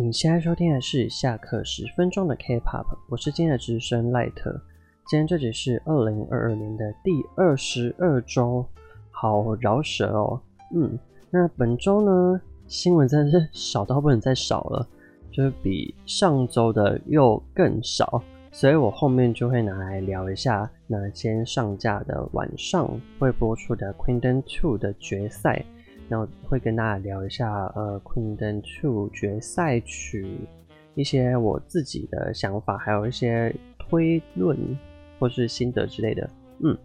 你現在收聽的是下課十分鐘的 K-pop，我是今天的主持 light。今天這集是二零二二年的第二十二週，好饒舌哦。嗯，那本週呢新聞真的是少到不能再少了，就是比上週的又更少，所以我後面就會拿來聊一下。那天上架的晚上會播出的《Queendom 2》的決賽。那我會跟大家聊一下，呃，《Queendom 2》決賽曲一些我自己的想法，還有一些推論或是心得之類的。嗯，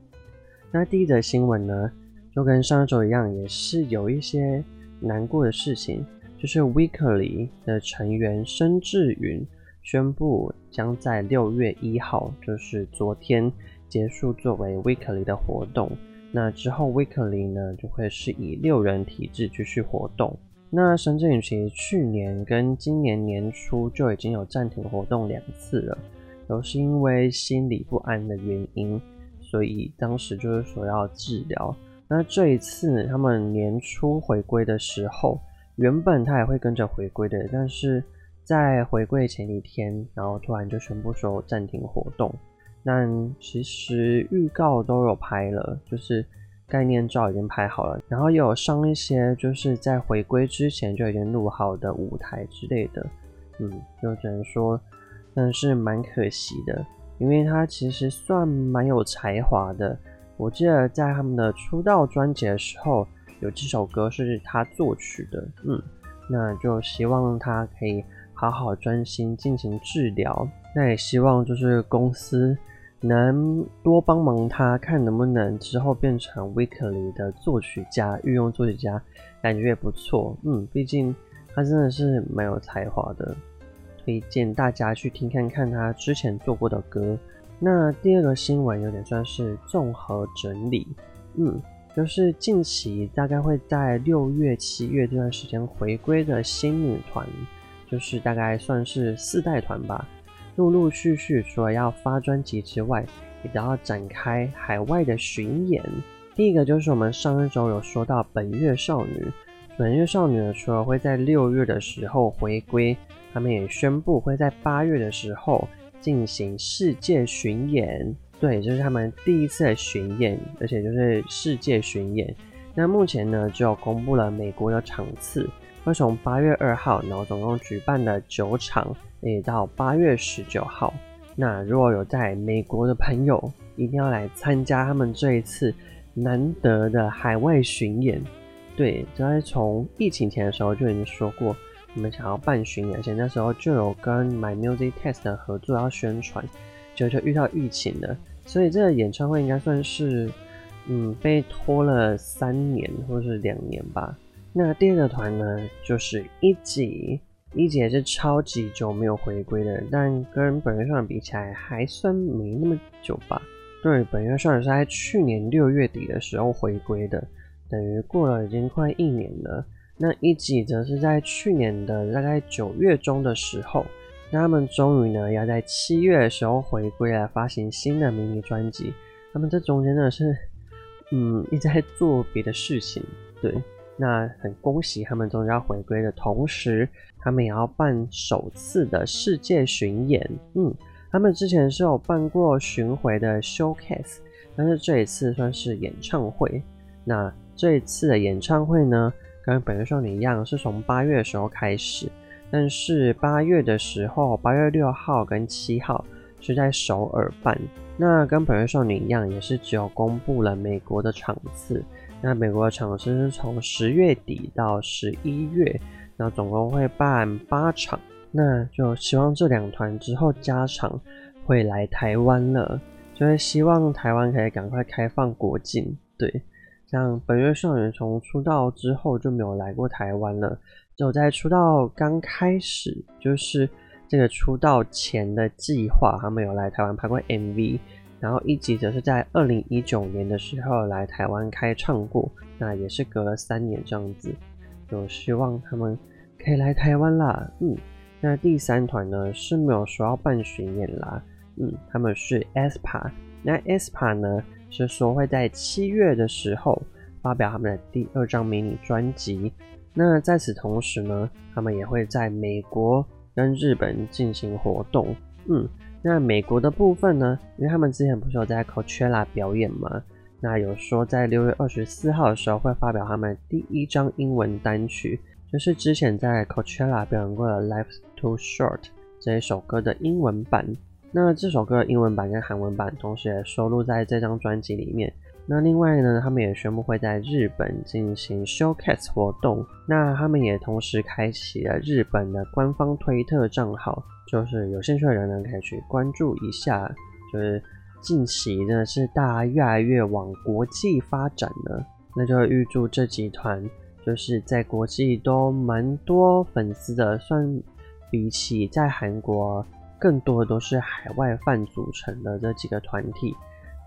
那第一則新聞呢，就跟上一周一樣，也是有一些難過的事情，就是 Weeekly 的成員申智阭宣布將在六月一號，就是昨天結束作為 Weeekly 的活動。那之後，Weeekly 呢就會是以六人體制繼續活動。那申智阭其實去年跟今年年初就已經有暫停活動兩次了，都是因為心理不安的原因，所以當時就是說要治療。那這一次他們年初回歸的時候，原本他也會跟着回歸的，但是在回歸前一天，然後突然就宣布說暫停活動。但其實預告都有拍了，就是概念照已經拍好了，然後也有上一些就是在回歸之前就已經錄好的舞台之類的，嗯，就只能說，但是蠻可惜的，因為他其實算蠻有才華的，我記得在他們的出道專輯的時候有幾首歌是他作曲的，嗯，那就希望他可以好好專心進行治療，那也希望就是公司，能多幫忙他，看能不能之後變成 Weeekly 的作曲家，御用作曲家，感覺也不錯。嗯，畢竟他真的是蠻有才華的，推薦大家去聽看看他之前做過的歌。那第二個新聞有點算是綜合整理，嗯，就是近期大概會在六月、七月這段時間回歸的新女團，就是大概算是四代團吧。陸陸續續，除了要發專輯之外，也都要展開海外的巡演。第一個就是我們上一周有說到本月少女，本月少女呢，除了會在六月的時候回歸，他們也宣布會在八月的時候進行世界巡演。對，就是他們第一次巡演，而且就是世界巡演。那目前呢，就公布了美國的場次。會從八月二號，然後總共舉辦了九場，也到八月十九號。那如果有在美國的朋友，一定要來參加他們這一次難得的海外巡演。對，就在從疫情前的時候就已經說過，我們想要辦巡演，而且那時候就有跟 My Music Test 的合作要宣傳，就就遇到疫情了。所以這個演唱會應該算是，嗯，被拖了三年或者是兩年吧。那第二個團呢，就是 ITZY，ITZY 也是超級久沒有回歸的，但跟本月少女比起來，還算沒那麼久吧？對，本月少女是在去年六月底的時候回歸的，等於過了已經快一年了。那 ITZY 則是在去年的大概九月中的時候，他們終於呢要在七月的時候回歸來發行新的迷你專輯。他們這中間呢是，嗯，一直在做別的事情，對。那很恭喜他們終於要回歸的同時，他們也要辦首次的世界巡演。嗯，他們之前是有辦過巡迴的 showcase，但是這一次算是演唱會。那這一次的演唱會呢，跟本月少女一樣，是從八月的時候開始，但是八月的時候，八月六號跟七號是在首爾辦。那跟本月少女一樣，也是只有公布了美國的場次。那美國的場次是從十月底到十一月，那總共會辦八場，那就希望這兩團之後加場會來台灣了，就是希望台灣可以趕快開放國境，對，像本月少女從出道之後就沒有來過台灣了，只有在出道剛開始，就是這個出道前的計劃哈，還沒有來台灣拍過 MV。然後一級則是在二零一九年的時候來台灣開唱過，那也是隔了三年這樣子，有希望他們可以來台灣啦。嗯，那第三團呢是沒有說要辦巡演啦。嗯，他們是 aespa，那 aespa 呢是說會在七月的時候發表他們的第二張迷你專輯。那在此同時呢，他們也會在美國跟日本進行活動。嗯。那美國的部分呢？因為他們之前不是有在 Coachella 表演嗎？那有說在六月二十四號的時候會發表他們第一張英文單曲，就是之前在 Coachella 表演過的《Life's Too Short》這一首歌的英文版。那這首歌的英文版跟韓文版同時也收錄在這張專輯裡面。那另外呢，他們也宣布會在日本進行 Showcase 活動。那他們也同時開啟了日本的官方推特賬號。就是有興趣的人呢，可以去關注一下。就是近期呢，是大家越來越往國際發展了，那就預祝這集團就是在國際都蠻多粉絲的，算比起在韓國更多的都是海外飯組成的這幾個團體，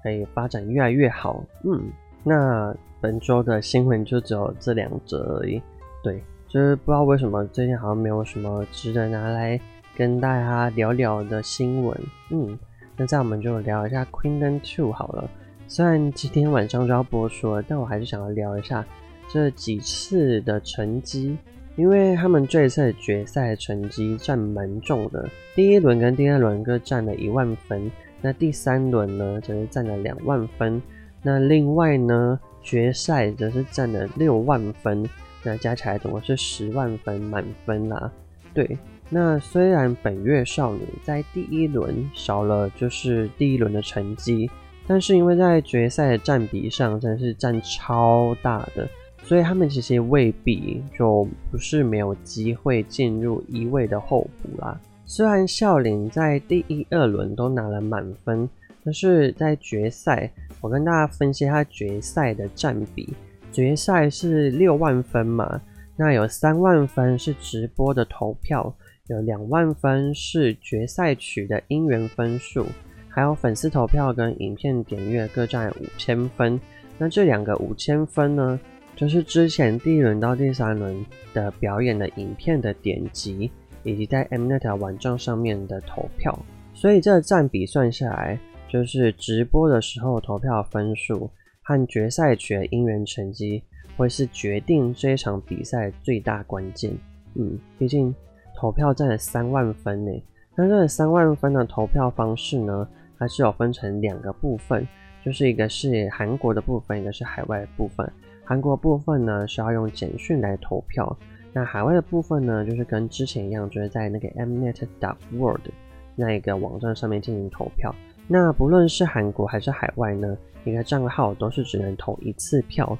可以發展越來越好。嗯，那本周的新聞就只有這兩則而已。對，就是不知道為什麼最近好像沒有什麼值得拿來。跟大家聊聊的新聞，嗯，那這樣我們就聊一下《Queendom2》好了。雖然今天晚上就要播出了，但我還是想要聊一下這幾次的成績，因為他們這一次的決賽成績占蠻重的。第一輪跟第二輪各占了一萬分，那第三輪呢則是占了兩萬分，那另外呢決賽則是占了六萬分，那加起來總共是十萬分滿分啦。對。那雖然本月少女在第一輪少了，就是第一輪的成績，但是因為在決賽的占比上，真的是占超大的，所以他們其實未必就不是沒有機會進入一位的候補啦。雖然孝琳在第一二輪都拿了滿分，但是在決賽，我跟大家分析下決賽的占比，決賽是六萬分嘛，那有三萬分是直播的投票。有兩萬分是決賽曲的音源分數，還有粉絲投票跟影片點閱各佔五千分。那這兩個五千分呢，就是之前第一輪到第三輪的表演的影片的點擊，以及在 Mnet 的網站上面的投票。所以這佔比算下來，就是直播的時候投票分數和決賽曲的音源成績，會是決定這一場比賽最大關鍵。嗯，畢竟。投票占了三萬分呢。那這三萬分的投票方式呢，它是有分成兩個部分，就是一個是韓國的部分，一個是海外的部分。韓國部分呢，是要用簡訊來投票，那海外的部分呢，就是跟之前一樣，就是在那個 Mnet dot world 那一個網站上面進行投票。那不論是韓國還是海外呢，一個賬號都是只能投一次票，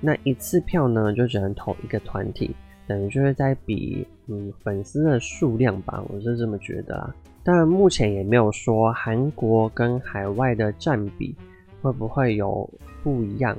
那一次票呢，就只能投一個團體。等於就是在比，嗯，粉絲的數量吧，我是這麼覺得啊。但目前也沒有說韓國跟海外的占比會不會有不一樣，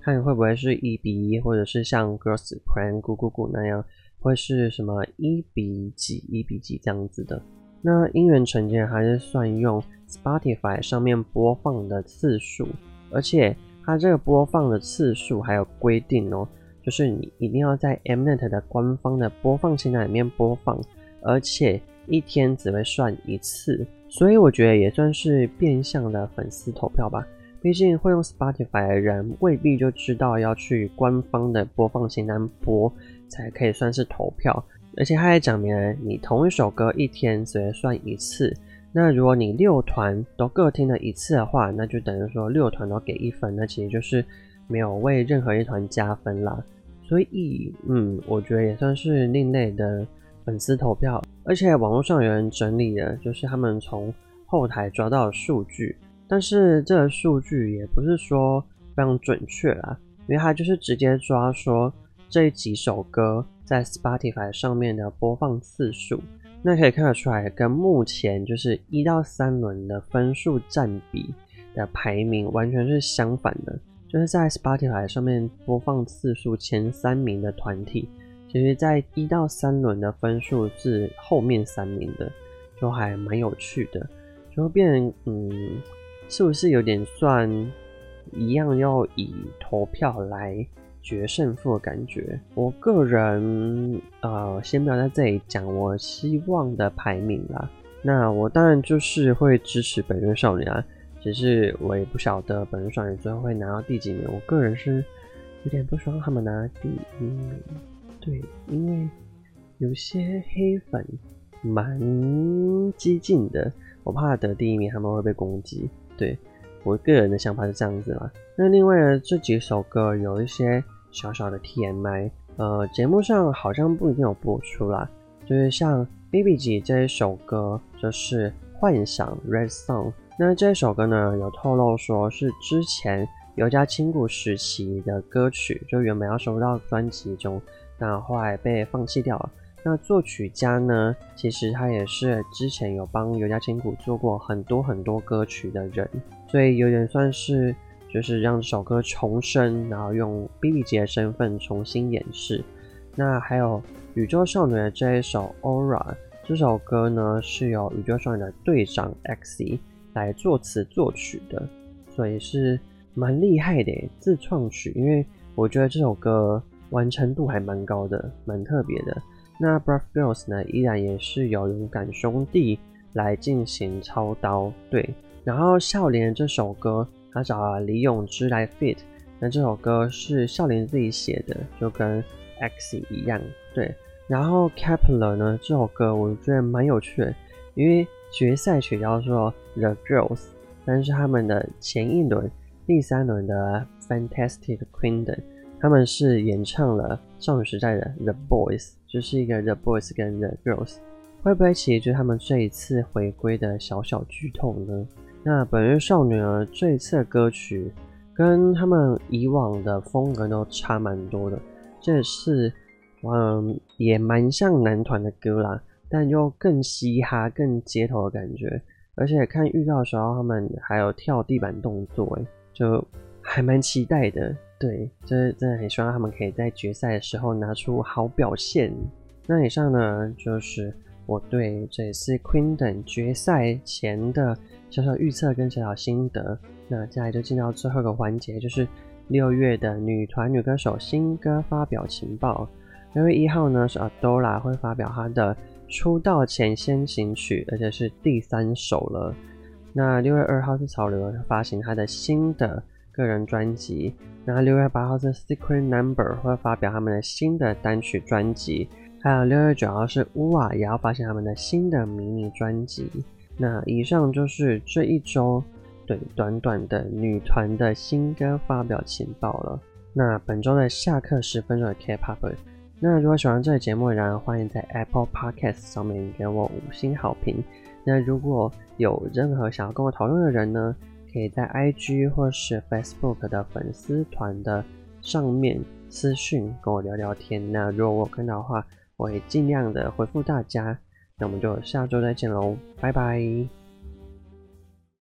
看會不會是一比一，或者是像 Girls Planet 咕咕咕那樣，會是什麼一比幾、一比幾這樣子的。那音源成績還是算用 Spotify 上面播放的次數，而且它這個播放的次數還有規定哦。就是你一定要在 Mnet 的官方的播放清單裡面播放，而且一天只會算一次，所以我覺得也算是變相的粉絲投票吧。畢竟會用 Spotify 的人未必就知道要去官方的播放清單播才可以算是投票，而且他還講明了你同一首歌一天只會算一次。那如果你六團都各聽了一次的話，那就等於說六團都給一分，那其實就是沒有為任何一團加分啦。所以，嗯，我覺得也算是另類的粉絲投票，而且網絡上有人整理的，就是他們從後台抓到的數據，但是這個數據也不是說非常準確啦，因為它就是直接抓說這幾首歌在 Spotify 上面的播放次數，那可以看得出來，跟目前就是一到三輪的分數占比的排名完全是相反的。就是在 Spotify 上面播放次數前三名的團體，其實在一到三輪的分數是後面三名的，就還蠻有趣的，就會變，嗯，是不是有點算一樣要以投票來決勝負的感覺？我個人呃，先不要在這裡講我希望的排名啦，那我當然就是會支持本月少女啊。只是我也不曉得本月少女最後會拿到第幾名。我個人是有點不希望他們拿第一名，對，因為有些黑粉蠻激進的，我怕得第一名他們會被攻擊。對，我個人的想法是這樣子啦。那另外呢，這幾首歌有一些小小的 TMI，呃，節目上好像不一定有播出來，就是像 BBG 這一首歌，就是幻想 Red Song。那這首歌呢，有透露說是之前尤家千古時期的歌曲，就原本要收到專輯中，那後來被放棄掉了。那作曲家呢，其實他也是之前有幫尤家千古做過很多很多歌曲的人，所以有點算是就是讓這首歌重生，然後用 B B J 的身份重新演繹。那還有宇宙少女的這一首《Aura》，這首歌呢是由宇宙少女的隊長 EXY 來作詞作曲的，所以是蠻厲害的自創曲，因為我覺得這首歌完成度還蠻高的，蠻特別的。那《Brave Girls》呢，依然也是有勇敢兄弟來進行操刀，對。然後笑琳這首歌，他找了李永之來 f i t。那這首歌是笑琳自己寫的，就跟《X》一樣，對。然後《c a p l l a 呢，這首歌我覺得蠻有趣的，因為。決賽曲叫做 The Girls，但是他們的前一輪、第三輪的 Fantastic Queendom 他們是演唱了少女時代的 The Boys，就是一個 The Boys 跟 The Girls，會不會其實就是他們這一次回歸的小小劇透呢？那本月少女的這一次的歌曲跟他們以往的風格都差蠻多的，這是嗯，也蠻像男團的歌啦。但又更嘻哈，更街頭的感覺，而且看預告的時候，他們還有跳地板動作，欸，就還蠻期待的。對，這真的很希望他們可以在決賽的時候拿出好表現。那以上呢，就是我對這次 Queendom 決賽前的小小預測跟小小心得。那接下來就進到最後一個環節，就是六月的女團女歌手新歌發表情報。六月一號呢，是 Adora 會發表她的。出道前先行曲，而且是第三首了。那六月二號是曹劉發行他的新的個人專輯。那六月八號是 Secret Number 會發表他們的新的單曲專輯。還有六月九號是烏瓦也要發行他們的新的迷你專輯。那以上就是這一周對短短的女團的新歌發表情報了。那本周的下課十分鐘的 K-pop。Pop, 那如果喜歡這個節目，然而歡迎在 Apple Podcast 上面給我五星好評。那如果有任何想要跟我討論的人呢，可以在 IG 或是 Facebook 的粉絲團的上面私訊跟我聊聊天。那如果我看到的話，我會盡量的回復大家。那我們就下周再見嘍，拜拜。